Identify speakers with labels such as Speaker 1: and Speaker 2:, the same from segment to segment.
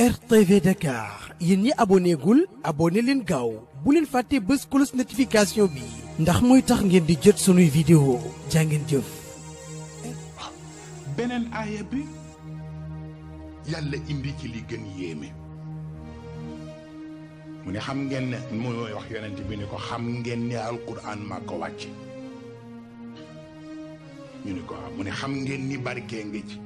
Speaker 1: RTV Dakar yéen ñi abonné abone leen gaaw bu leen fàtte bés cloche notification bi ndax mooy tax ngeen di jët sunuy vidéo jàngeen jëf beneen aaya bi yàlla indi ci li gën yéeme mu ne xam ngeen ne mu mooy wax yonent bi ne ko xam ngeen ne alquran maa ko wàcce ñu ne ko waaw mu ne xam ngeen ni barkee nga ci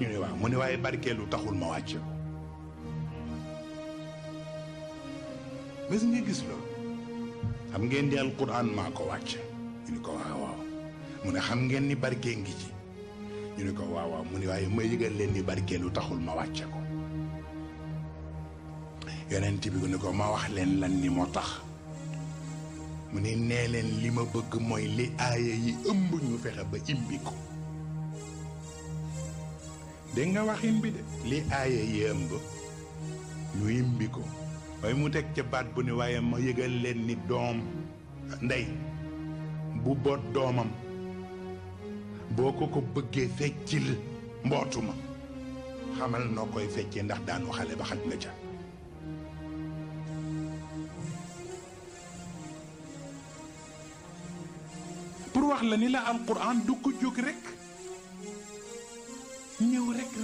Speaker 1: ñu ne waaw mu ne waaye barkeelu taxul ma wàcc bés nga gis loolu xam ngeen di alquran maa ko wàcc ñu ne ko waaw waaw mu ne xam ngeen ni barke ngi ci ñu ne ko waaw waaw mu ne waaye ma yëgal leen ni barkeelu taxul ma wàcce ko yonent bi ne ko ma wax leen lan ni moo tax mu ne nee leen li ma bëgg mooy li aaya yi ëmb ñu fexe ba imbi ko dégg nga waxin bi de li aaya yi ëmb ñu imbi ko waaye mu teg ca baat bu ne waaye ma yëgal leen ni doom ndey bu boot doomam boo ko ko bëggee feccil mbootu ma xamal noo koy feccee ndax daanu xale ba xaj na ca pour wax la la alquran du ko jóg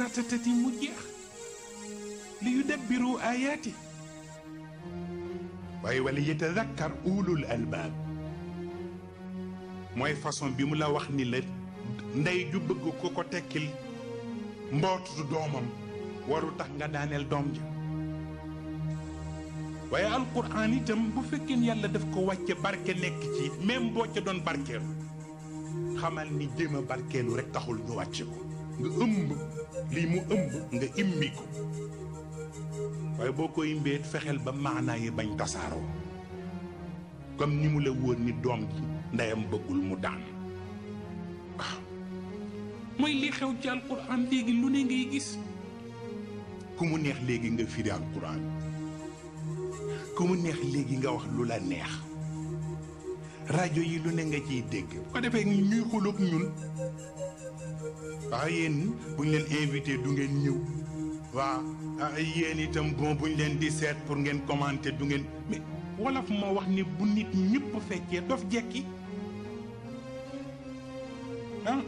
Speaker 1: ratatati mu jeex li yudabbiru ayati way wali yatadhakkar ulul albab moy façon bi mu la wax ni le ndey ju bëgg ko ko tekkil du domam waru tax nga danel dom ja waaye alquran itam bu fekkene yàlla def ko wàcce barke nek ci même bo ci don barkeelu xamal ni jéem a barkeelu rek taxul ñu wàcce ko nga ëmb lii mu ëmb nga imbi ko waaye boo ko imbeet fexeel ba maanaa yi bañ tasaaroo comme ni mu la woon ni doom ji ndeyam bëggul mu daan waaw mooy li xew ci alquran léegi lu ne ngay gis ku mu neex léegi nga firi alquran ku mu neex léegi nga wax lu la neex rajo yi lu ne nga ciy dégg bu ko defee ñuy xuloog ñun waaw yéen bu ñu leen invité du ngeen ñëw waaw ah, yéen itam bon bu ñu leen di seet pour ngeen commenter du ngeen mais wolof moo wax ni bu nit ñëpp fekkee dof jekki ah,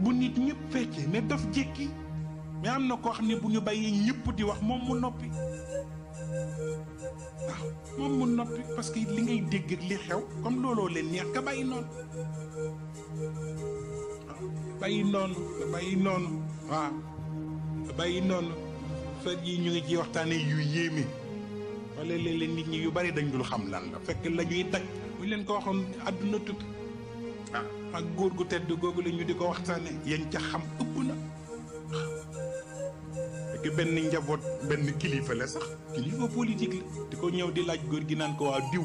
Speaker 1: bu nit ñëpp fekkee mais dof jekki mais am na koo xam ne bu ñu bàyyee ñëpp di wax moom mu noppi. waaw moom mu noppi parce que li ngay dégg ak li xew comme looloo leen neex nga bàyyi noonu waaw bàyyi noonu nga bàyyi bàyyi noonu fet yi ñu ngi ciy waxtaane yu yéeme wala léeg nit ñi yu bari dañ dul xam lan la fekk la ñuy daj buñ leen ko waxoon àdduna tukki waaw ak góor gu tedd googu la ñu di ko waxtaanee yañ ca xam ëpp na que benn njaboot benn kilifa la sax kilifa politique la di ko ñëw di laaj góor gi naan ko waa diw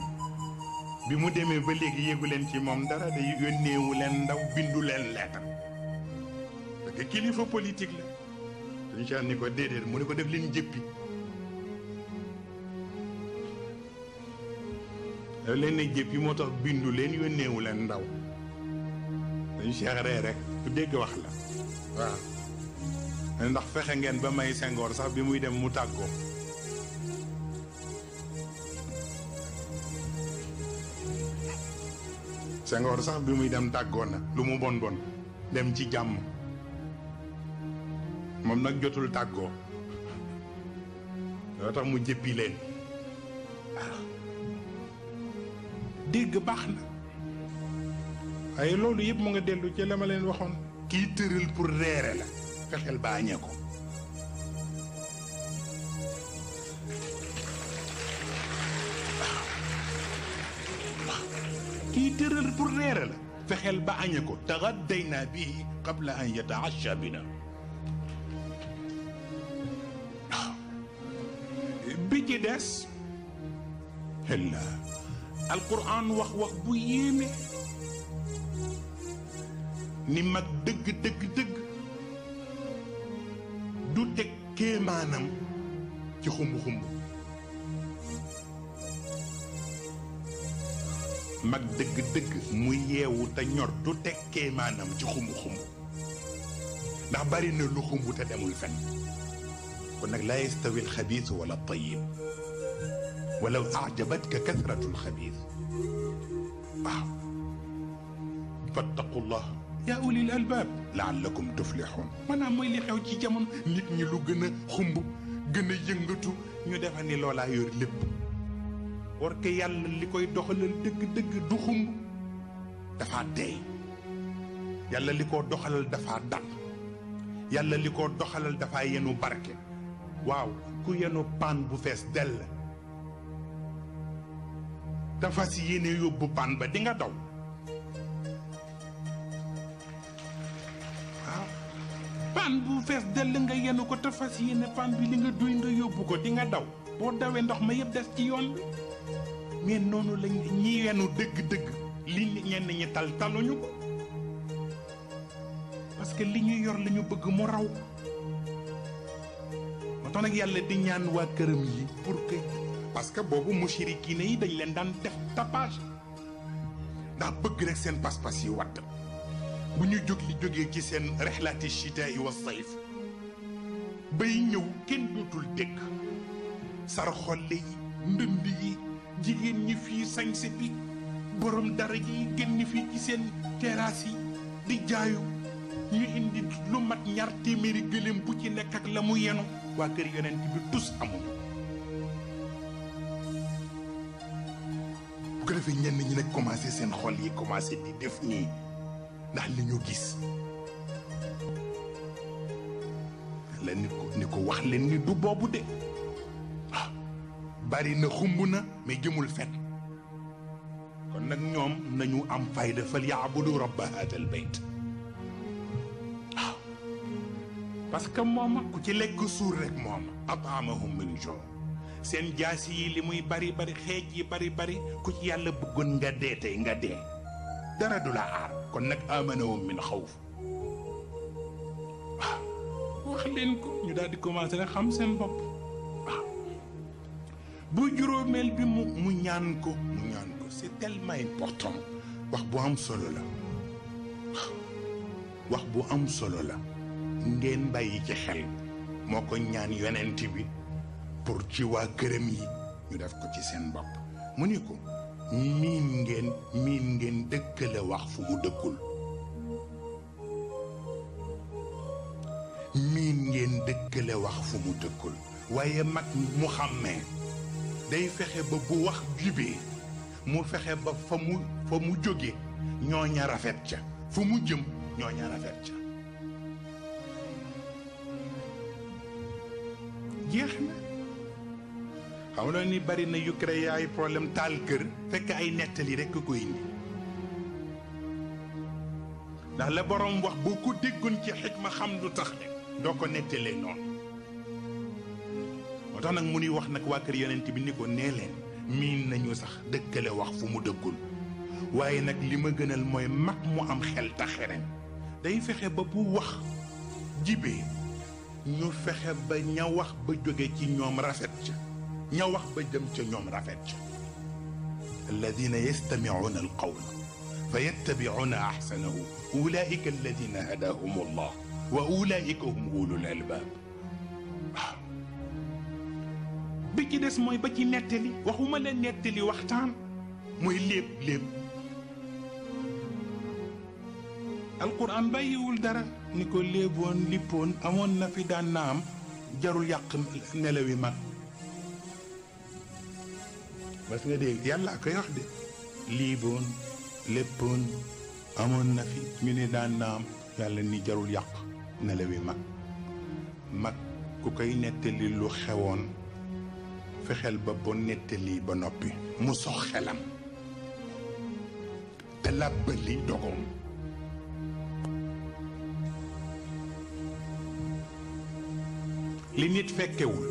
Speaker 1: bi mu demee ba léegi yéegu leen ci moom dara day yónneewu leen ndaw bindu leen leetar parce kilifa politique la suñu caan ni ko déedéet mu ne ko def leen jëppi daf leen ne jëppi moo tax bindu leen yónneewu leen ndaw dañ cheikh ree rek ku dégg wax la waaw ndax fexe ngeen ba may sengoor sax bi muy dem mu tàggoo sengoor sax bi muy dem tàggoo na lu mu bon bon dem ci jàmm moom nag jotul tàggoo loo tax mu jëppi leen dégg baax na waaye loolu yëpp mu nga dellu ci la ma leen waxoon kii tëral pour reere la تفتح البانيكم كيترل بريرل فخل بانيكو تغدينا به قبل أن يتعشى بنا بيتي ديس هلا القرآن وخ وخ بويمي نمك دق دق دق mu teg kéemaanam ci xumb-xumb mag dëgg-dëgg mu yeewu te ñor du teg kéemaanam ci xumb-xumb ndax bari na lu xumb te demul fen kon nag laa yastawi alxabiis wala tayib walaw ajabatka kasratu alxabiis waaw fattaqu llah يا أولي الألباب لعلكم تفلحون من نعم أمي اللي حيو تي جامون نيت ني لو غنا خمب غنا ينغتو ني ديفاني لولا يور ليب ورك يال لي كوي دوخال دك دك دو خمب دفا دي يال لي كو دوخال دفا دا يال لي كو دوخال دفا ينو بركه واو كو ينو بان بو فيس دل دفا سي ينه يوبو بان با ديغا داو pan bu fess del nga yenu ko ta fas yene pan bi li nga duy nga yobbu ko di nga daw bo dawe ndox ma yeb dess ci yoon mais nonu lañ ñi yenu deug deug li ñen ñi tal taluñu ko parce que li ñu yor ñu bëgg mu raw motax ak yalla di ñaan wa kërëm yi pour que parce que bobu mushrikine yi dañ leen daan def tapage da bëgg rek seen pass pass yi wadd bu ñu jóg li jógee ci seen rexlaati chitaa yi wa sayf bay ñëw kenn dootul dégg sar yi ndënd yi jigéen ñi fii sañse bi borom dara yi génn fii ci seen terrasse yi di jaayo ñu indi lu mat ñaar téeméeri gëléem bu ci nekk ak la mu yenu waa kër yonent bi tus amuñu bu ko defee ñenn ñi nag commencé seen xol yi commencé di def nii ndax li ñu gis la nit ko ni ko wax leen ni du boobu de ah, bari na xumb na mais jëmul fen kon nag ñoom nañu am fayda fal yaabudu rabba hada al bayt waaw ah, parce que mooma ku ci lekk suur rek mooma ataamahum min joo seen jaasi yi li muy bari bari xeej yi bari bari ku ci yàlla bëggoon nga dee tey nga dee dara du la aar kon nag amanahum min xawf waaw wax leen ko ñu daal di commencé rek xam seen bopp waaw bu juróomeel bi mu mu ñaan ko mu ñaan ko c'est tellement important wax bu am solo la wax bu am solo la ngeen bàyyi ci xel moo ko ñaan yonent bi pour ci waa këram yi ñu def ko ci seen bopp mu ni ko miin ngeen miin ngeen dëkkale wax fu mu dëkkul miin ngeen dëkkale wax fu mu dëkkul waaye mag mu xàmmee day fexe ba bu wax jibee mu fexe ba fa mu fa mu jóge ñooña rafet ca fu mu jëm ñooña rafet ca xam loolu ni bari na yu créé ay problème taal kër fekk ay nettali rekk ko indi ndax la borom wax boo ko déggoon ci xikma xam lu tax doo ko nettalee noonu moo tax nag mu nuy wax nag waa kër yonent bi ni ko nee leen miin nañu sax dëkkale wax fu mu dëggul waaye nag li ma gënal mooy mag mu am xel ta xerem day fexe ba bu wax jibee ñu fexe ba ña wax ba jóge ci ñoom rafet ca نيوخ با ديم تي الذين يستمعون القول فيتبعون احسنه اولئك الذين هداهم الله واولئك هم اولو الالباب بكي ديس موي باكي نيتلي واخوما لا نيتلي وقتان موي ليب ليب القران باي ول دارا نيكو ليبون ليبون امون نافي دانام جارول يقم نلوي مات بس ندي يلا كي واحدة ليبون لبون أمون نفي من دان نام يلا نجارو اليق نلوي ما ما كوكاي نتلي لو خيوان فخل بابون نتلي بنوبي مصو خلم تلبلي دوغم li nit fekkewul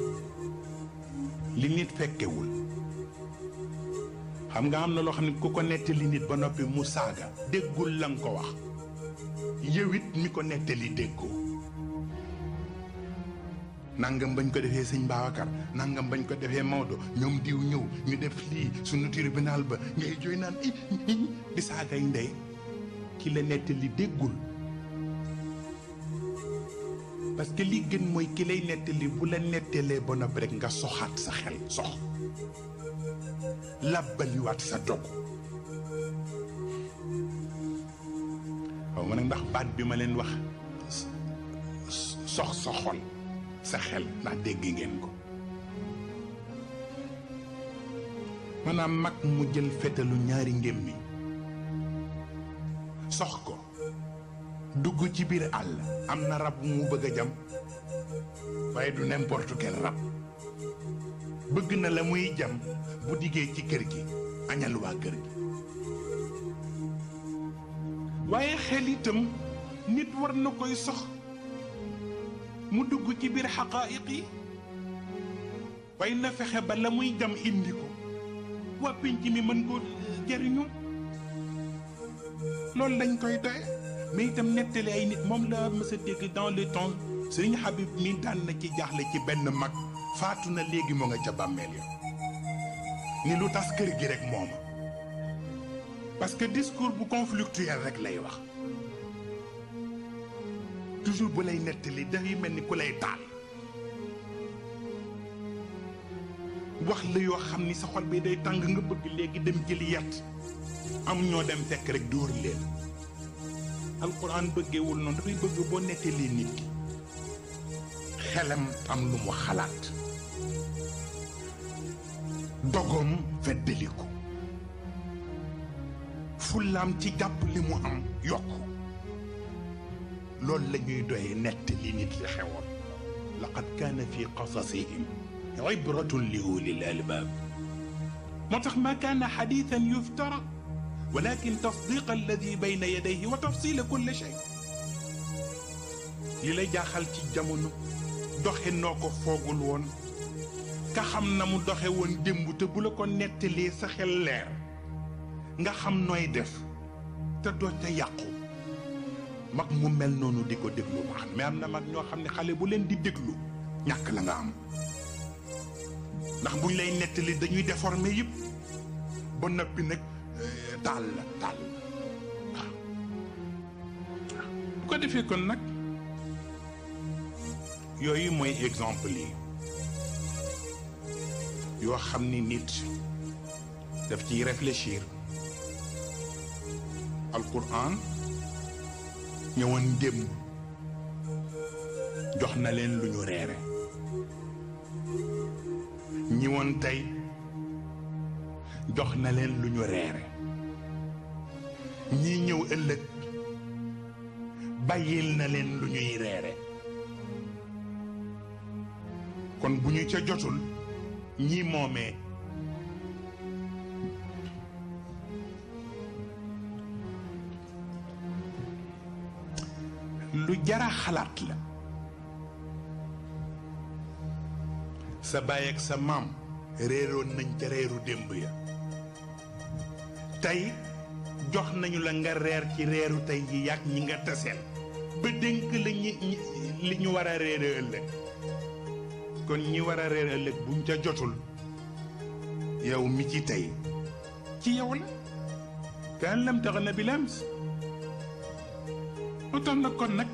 Speaker 1: li nit fekkewul xam nga am na loo xam ne ku ko nettali nit ba noppi mu saaga déggul la nga ko wax yow mi ko nettali déggoo nangam bañ ko defee sëñ Babacar nangam bañ ko defee Maodo ñoom diw ñëw ñu def lii suñu tribunal ba ngay jooy naan di saagay ndey ki la nettali déggul parce que li gën mooy ki lay nettali bu la nettalee ba noppi rek nga soxaat sa xel sox làbbaliwaat sa dog waaw ma nag ndax baat bi ma leen wax sox sa xol sa xel ndax dégg ngeen ko maanaam mag mu jël fetalu ñaari ngém sox ko dugg ci biir àll am na rab mu bëgg a jam waaye du n'importe quel rab bëgg na la muy jam bu diggee ci kër gi añal waa kër gi waaye xel itam nit war na koy sox mu dugg ci biir xaqaayiq yi waaye na fexe ba la muy jam indi ko waa pénc mi mën koo jariñu loolu dañ koy doye mais itam nettali ay nit moom la mësa dégg dans le temps Sëriñ Habib mi daan na ci jaaxle ci benn mag faatu na léegi moo nga ca bàmmeel ya ni lu tas kër gi rek mooma parce que discours bu conflictuel rek lay wax toujours bu lay nettali dafay mel ni ku lay taal wax la yoo xam ni sa xol bi day tàng nga bëgg léegi dem jëli yat am ñoo dem fekk rek dóor leen alxuraan bëggeewul noonu dafay bëgg boo nettalee nit ki xelam am lu mu xalaat ndogom feddaliku fulam ci jàpp li mu am yok lol la ñuy doyee nett li nit li xewon laqad kana fi qasasihim ibratun li ulil albaab moo tax ma kana hadithan yuftara ولكن تصديق الذي بين يديه وتفصيل كل شيء li lay jaaxal ci jamono doxin noo ko foogul nga xam na mu doxe woon démb te bu la ko nettalee sa xel leer nga xam nooy def te doo ca yàqu mag mu mel noonu di ko déglu baax na mais am na mag ñoo xam ne xale bu leen di déglu ñàkk la nga am ndax buñ lay nettali dañuy déformer yëpp ba noppi nag taal la taal la waaw bu ko defee kon nag yooyu mooy exemple yi yo xamni nit daf ci réfléchir alquran ñewon dem jox na len lu ñu reere ñi woon jox na len lu ñu reere ñi ñëw ëlëk bayil na len lu ñuy reere kon buñu ñu ca jotul ñi moomee lu jara xalaat la sa baay ak sa maam réeroon nañ ca reeru démb ya tey jox nañu la nga reer ci reeru tey yi yàgg ñi nga taseel ba dénk la ñi li ñu war a réere ëllëg kon ñi war a reer ëllëg buñ ca jotul yow mi ci tey ci yow la lam tax bi lams kon nag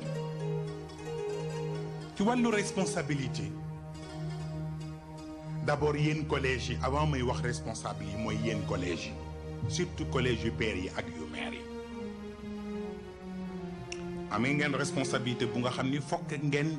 Speaker 1: ci wàllu responsabilité d'abord collège avant may wax responsable yi mooy collège Surtout surtout collège yu père yi ak yu une responsabilité pour nga xam fokk ngeen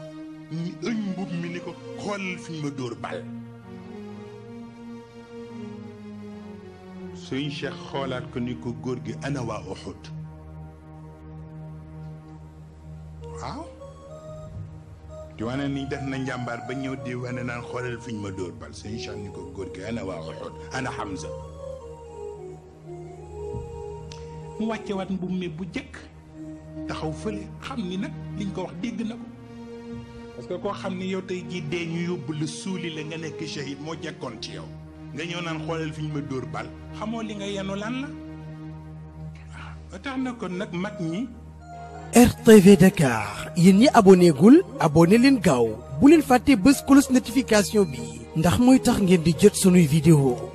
Speaker 1: mi ëñ mbub mi ni ko xoolal fi ma dóor bal sëñ Cheikh xoolaat ko ni ko góor gi ana waa Uxud waaw di wane ni def na njàmbaar ba ñëw di wane naan xoolal fi ñu ma dóor bal sëñ Cheikh ni ko góor gi ana waa Uxud ana Hamza mu wàcce waat mbub mi bu jëkk taxaw fële xam ni nag liñ ko wax dégg na ko parce que ko xamni yow tay ji de ñu yóbbu la la nga nek shahid mo jekkoon ci yow nga ñew naan xolal fi ma bal xamo li nga yenu lan la ah, kon nak mag ñi RTV Dakar yeen ñi aboné gul aboné leen gaaw bu leen notification bi ndax moy tax ngeen di jot vidéo